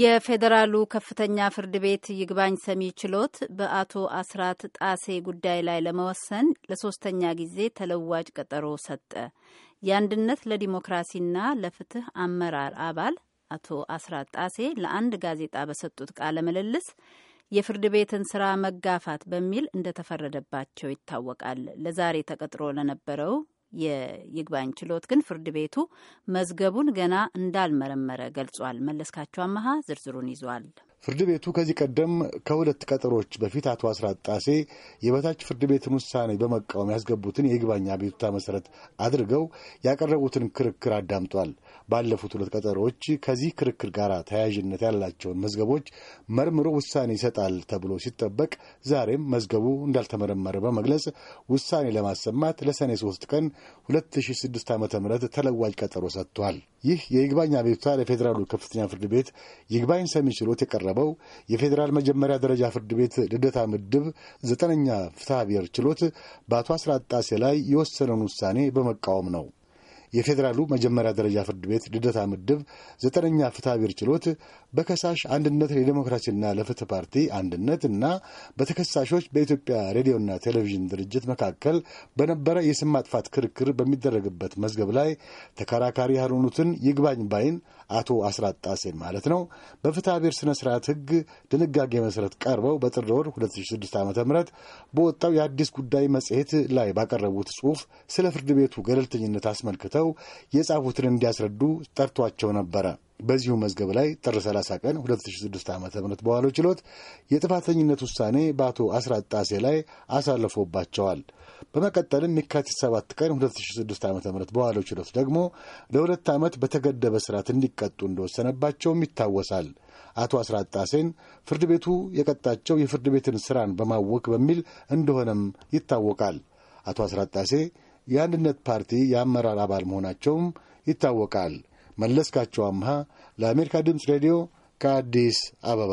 የፌዴራሉ ከፍተኛ ፍርድ ቤት ይግባኝ ሰሚ ችሎት በአቶ አስራት ጣሴ ጉዳይ ላይ ለመወሰን ለሶስተኛ ጊዜ ተለዋጭ ቀጠሮ ሰጠ። የአንድነት ለዲሞክራሲና ለፍትህ አመራር አባል አቶ አስራት ጣሴ ለአንድ ጋዜጣ በሰጡት ቃለ ምልልስ የፍርድ ቤትን ስራ መጋፋት በሚል እንደተፈረደባቸው ይታወቃል። ለዛሬ ተቀጥሮ ለነበረው የይግባኝ ችሎት ግን ፍርድ ቤቱ መዝገቡን ገና እንዳልመረመረ ገልጿል። መለስካቸው አመሀ ዝርዝሩን ይዟል። ፍርድ ቤቱ ከዚህ ቀደም ከሁለት ቀጠሮች በፊት አቶ አስራት ጣሴ የበታች ፍርድ ቤትን ውሳኔ በመቃወም ያስገቡትን የይግባኝ አቤቱታ መሰረት አድርገው ያቀረቡትን ክርክር አዳምጧል። ባለፉት ሁለት ቀጠሮዎች ከዚህ ክርክር ጋር ተያያዥነት ያላቸውን መዝገቦች መርምሮ ውሳኔ ይሰጣል ተብሎ ሲጠበቅ ዛሬም መዝገቡ እንዳልተመረመረ በመግለጽ ውሳኔ ለማሰማት ለሰኔ ሶስት ቀን 2006 ዓ ም ተለዋጅ ቀጠሮ ሰጥቷል። ይህ የይግባኝ አቤቱታ ለፌዴራሉ ከፍተኛ ፍርድ ቤት ይግባኝ ሰሚ ችሎት የቀረበው የፌዴራል መጀመሪያ ደረጃ ፍርድ ቤት ልደታ ምድብ ዘጠነኛ ፍትሐ ብሔር ችሎት በአቶ አስራት ጣሴ ላይ የወሰነውን ውሳኔ በመቃወም ነው። የፌዴራሉ መጀመሪያ ደረጃ ፍርድ ቤት ልደታ ምድብ ዘጠነኛ ፍትሐብሔር ችሎት በከሳሽ አንድነት ለዲሞክራሲና ለፍትህ ፓርቲ አንድነት እና በተከሳሾች በኢትዮጵያ ሬዲዮና ቴሌቪዥን ድርጅት መካከል በነበረ የስም ማጥፋት ክርክር በሚደረግበት መዝገብ ላይ ተከራካሪ ያልሆኑትን ይግባኝ ባይን አቶ አስራት ጣሴን ማለት ነው በፍትሐብሔር ስነ ስርዓት ህግ ድንጋጌ መሰረት ቀርበው በጥር ወር 2006 ዓ ም በወጣው የአዲስ ጉዳይ መጽሔት ላይ ባቀረቡት ጽሑፍ ስለ ፍርድ ቤቱ ገለልተኝነት አስመልክተው ተጠርተው የጻፉትን እንዲያስረዱ ጠርቷቸው ነበረ። በዚሁ መዝገብ ላይ ጥር 30 ቀን 2006 ዓ ም በዋለው ችሎት የጥፋተኝነት ውሳኔ በአቶ አስራት ጣሴ ላይ አሳልፎባቸዋል። በመቀጠልም የካቲት 7 ቀን 2006 ዓ ም በዋለ ችሎት ደግሞ ለሁለት ዓመት በተገደበ ስርዓት እንዲቀጡ እንደወሰነባቸውም ይታወሳል። አቶ አስራት ጣሴን ፍርድ ቤቱ የቀጣቸው የፍርድ ቤትን ስራን በማወክ በሚል እንደሆነም ይታወቃል። አቶ አስራት ጣሴ የአንድነት ፓርቲ የአመራር አባል መሆናቸውም ይታወቃል። መለስካቸው አምሃ ለአሜሪካ ድምፅ ሬዲዮ ከአዲስ አበባ